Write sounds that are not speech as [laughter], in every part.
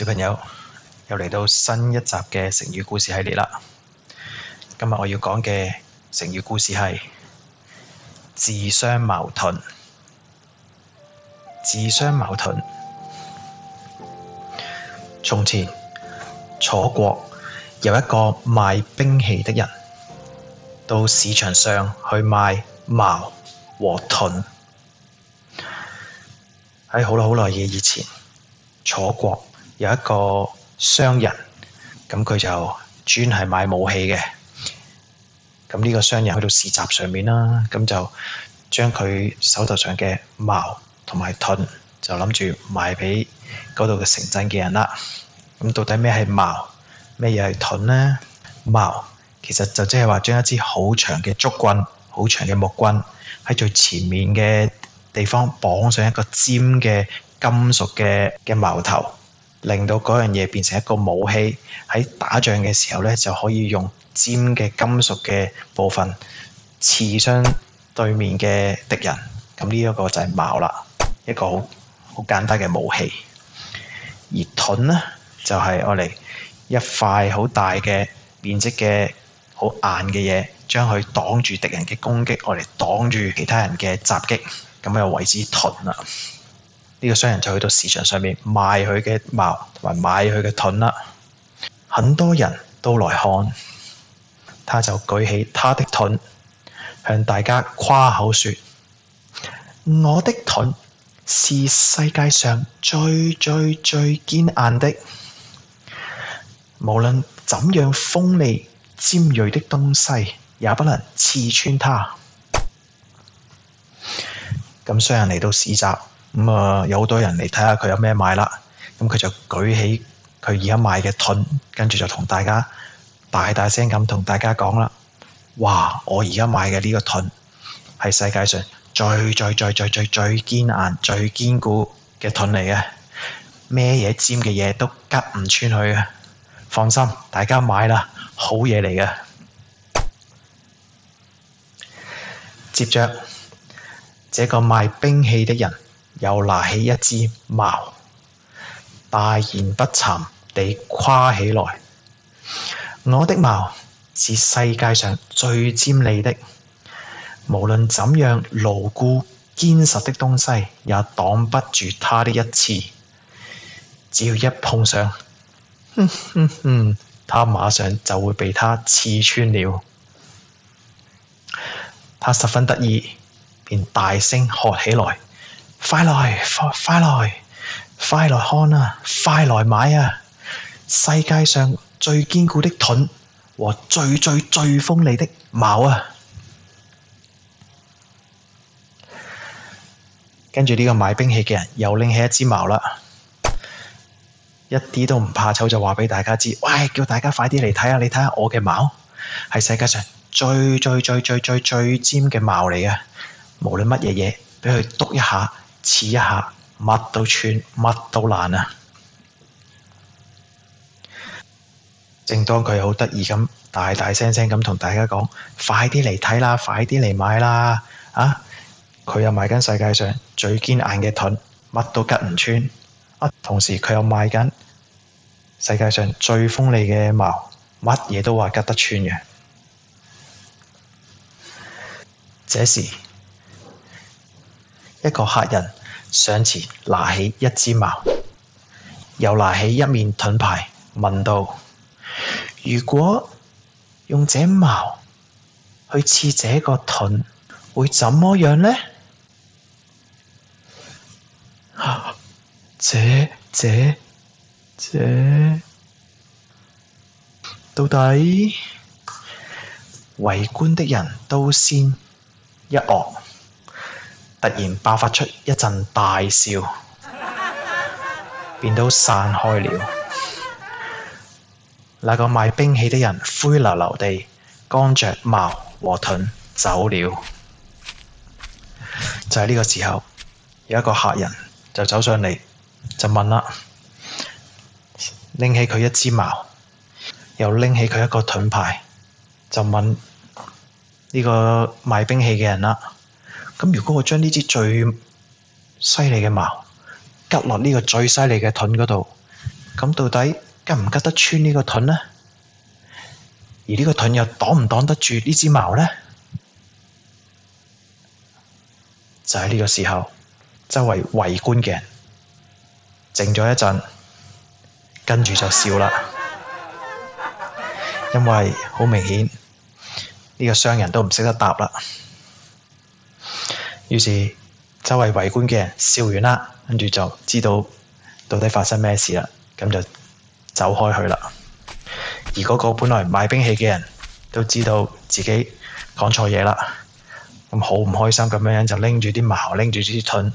小朋友又嚟到新一集嘅成語故事系列啦！今日我要講嘅成語故事係自相矛盾。自相矛盾。從前，楚國有一個賣兵器的人，到市場上去賣矛和盾。喺好耐好耐嘅以前，楚國。有一個商人咁，佢就專係賣武器嘅。咁呢個商人去到市集上面啦，咁就將佢手頭上嘅矛同埋盾就諗住賣俾嗰度嘅城鎮嘅人啦。咁到底咩係矛、咩嘢係盾呢？矛其實就即係話將一支好長嘅竹棍，好長嘅木棍喺最前面嘅地方綁上一個尖嘅金屬嘅嘅矛頭，令到嗰樣嘢變成一個武器，喺打仗嘅時候呢，就可以用尖嘅金屬嘅部分刺傷對面嘅敵人。咁呢一個就係矛啦，一個好好簡單嘅武器。而盾呢，就係我嚟一塊好大嘅面積嘅好硬嘅嘢，將佢擋住敵人嘅攻擊，我嚟擋住其他人嘅襲擊。咁又為之盾啦。呢個商人就去到市場上面賣佢嘅矛，同埋賣佢嘅盾啦。很多人都來看，他就舉起他的盾，向大家誇口説：我的盾是世界上最最最堅硬的，無論怎樣鋒利尖鋭的東西也不能刺穿它。咁商人嚟到市集。咁啊、嗯，有好多人嚟睇下佢有咩賣啦。咁佢就舉起佢而家賣嘅盾，跟住就同大家大大聲咁同大家講啦。哇！我而家賣嘅呢個盾係世界上最最最最最最堅硬、最堅固嘅盾嚟嘅。咩嘢尖嘅嘢都拮唔穿去嘅。放心，大家買啦，好嘢嚟嘅。接着，這個賣兵器的人。又拿起一支矛，大言不慚地誇起來：我的矛是世界上最尖利的，無論怎樣牢固堅實的東西也擋不住他的一刺。只要一碰上，哼哼哼，他馬上就會被他刺穿了。他十分得意，便大聲喝起來。快來，快來，快來看啊！快來買啊！世界上最堅固的盾和最最最鋒利的矛啊！跟住呢個買兵器嘅人又拎起一支矛啦，一啲都唔怕醜，就話畀大家知：喂，叫大家快啲嚟睇下，你睇下我嘅矛係世界上最最最最最最最尖嘅矛嚟嘅，無論乜嘢嘢，畀佢督一下。刺一下，乜都穿，乜都爛啊！正當佢好得意咁，大大聲聲咁同大家講：快啲嚟睇啦，快啲嚟買啦！啊，佢又賣緊世界上最堅硬嘅盾，乜都吉唔穿；啊，同時佢又賣緊世界上最鋒利嘅矛，乜嘢都話吉得穿嘅。這時。一個客人上前拿起一支矛，又拿起一面盾牌，問道：如果用這矛去刺這個盾，會怎麼樣呢？啊、這、這、這到底？圍觀的人都先一愕。突然爆發出一陣大笑，變到散開了。那個賣兵器的人灰溜溜地扛着矛和盾走了。 [laughs] 就係呢個時候，有一個客人就走上嚟，就問啦：拎起佢一支矛，又拎起佢一個盾牌，就問呢個賣兵器嘅人啦。咁如果我將呢支最犀利嘅矛，拮落呢個最犀利嘅盾嗰度，咁到底拮唔拮得穿呢個盾呢？而呢個盾又擋唔擋得住呢支矛呢？就喺呢個時候，周圍圍觀嘅人靜咗一陣，跟住就笑啦，因為好明顯呢個商人都唔識得答啦。於是周圍圍觀嘅人笑完啦，跟住就知道到底發生咩事啦，咁就走開去啦。而嗰個本來賣兵器嘅人都知道自己講錯嘢啦，咁好唔開心咁樣樣就拎住啲矛，拎住啲盾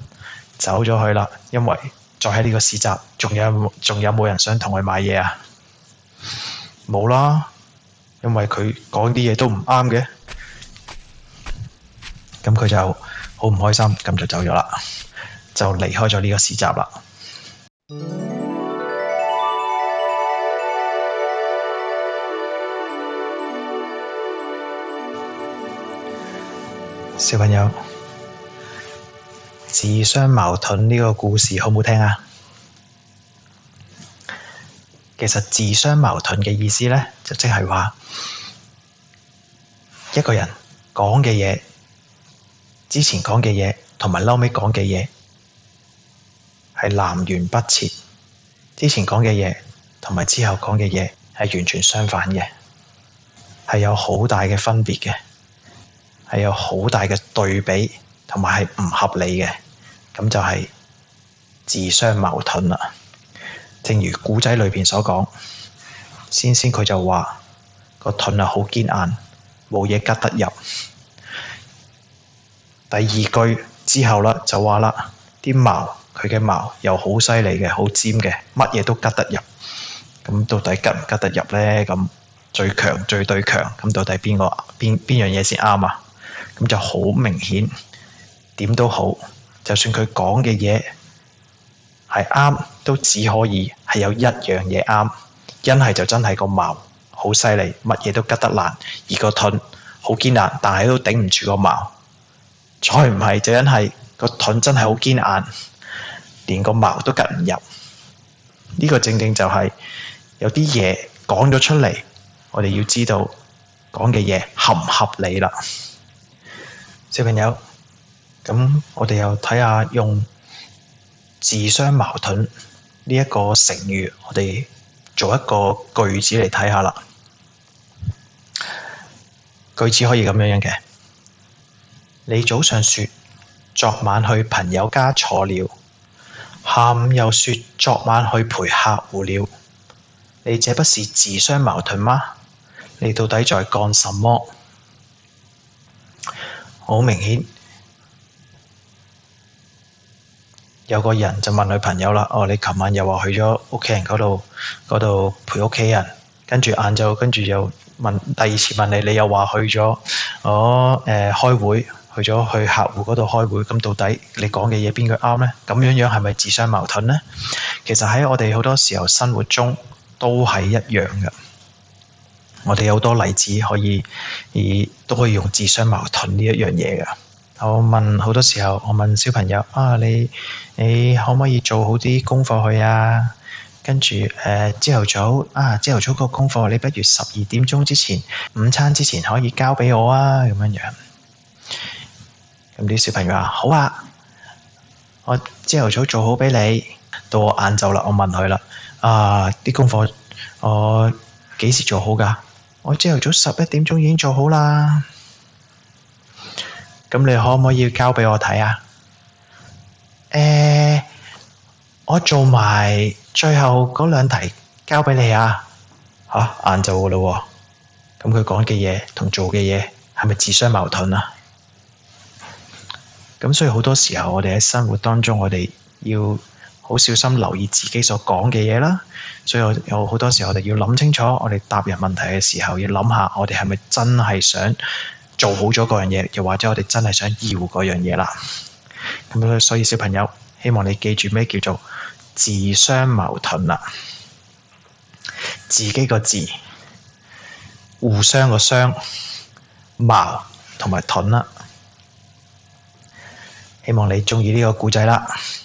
走咗去啦。因為再喺呢個市集，仲有仲有冇人想同佢買嘢啊？冇啦，因為佢講啲嘢都唔啱嘅，咁佢就。好唔開心，咁就走咗啦，就離開咗呢個市集啦。 [music] 小朋友，自相矛盾呢個故事好唔好聽啊？其實自相矛盾嘅意思呢，就即係話一個人講嘅嘢，之前講嘅嘢同埋撈尾講嘅嘢係南轅北轍，之前講嘅嘢同埋之後講嘅嘢係完全相反嘅，係有好大嘅分別嘅，係有好大嘅對比同埋係唔合理嘅，咁就係自相矛盾啦。正如古仔裏邊所講，先先佢就話個盾啊好堅硬，冇嘢吉得入。第二句之後啦，就話啦，啲矛佢嘅矛又好犀利嘅，好尖嘅，乜嘢都吉得入。咁到底吉唔吉得入呢？咁最強最對強，咁到底邊個邊邊樣嘢先啱啊？咁就好明顯，點都好，就算佢講嘅嘢係啱，都只可以係有一樣嘢啱。因係就真係個矛好犀利，乜嘢都吉得爛；而個盾好堅硬，但係都頂唔住個矛。再唔係就因係個盾真係好堅硬，連個矛都夾唔入。呢、這個正正就係、是、有啲嘢講咗出嚟，我哋要知道講嘅嘢合唔合理啦。小朋友，咁我哋又睇下用自相矛盾呢一個成語，我哋做一個句子嚟睇下啦。句子可以咁樣樣嘅。你早上說昨晚去朋友家坐了，下午又說昨晚去陪客戶了，你這不是自相矛盾嗎？你到底在幹什麼？好明顯，有個人就問女朋友啦：哦，你琴晚又話去咗屋企人嗰度嗰度陪屋企人，跟住晏晝跟住又問第二次問你，你又話去咗哦，誒、呃、開會。去咗去客戶嗰度開會，咁到底你講嘅嘢邊個啱呢？咁樣樣係咪自相矛盾呢？其實喺我哋好多時候生活中都係一樣噶。我哋有好多例子可以，以都可以用自相矛盾呢一樣嘢噶。我問好多時候，我問小朋友啊，你你可唔可以做好啲功課去啊？跟住誒、朝、呃、頭早啊，朝頭早個功課你不如十二點鐘之前，午餐之前可以交俾我啊，咁樣樣。咁啲小朋友啊，好啊！我朝頭早做好俾你。到我晏晝啦，我問佢啦：啊，啲功課我幾時做好噶？我朝頭早十一點鐘已經做好啦。咁你可唔可以交俾我睇啊？誒、欸，我做埋最後嗰兩題，交俾你啊！吓晏晝噶啦，咁佢講嘅嘢同做嘅嘢係咪自相矛盾啊？咁所以好多時候，我哋喺生活當中，我哋要好小心留意自己所講嘅嘢啦。所以我有好多時候，我哋要諗清楚，我哋答人問題嘅時候，要諗下我哋係咪真係想做好咗嗰樣嘢，又或者我哋真係想要嗰樣嘢啦。咁所以小朋友，希望你記住咩叫做自相矛盾啦，自己個自，互相個相，矛同埋盾啦。希望你中意呢個故仔啦～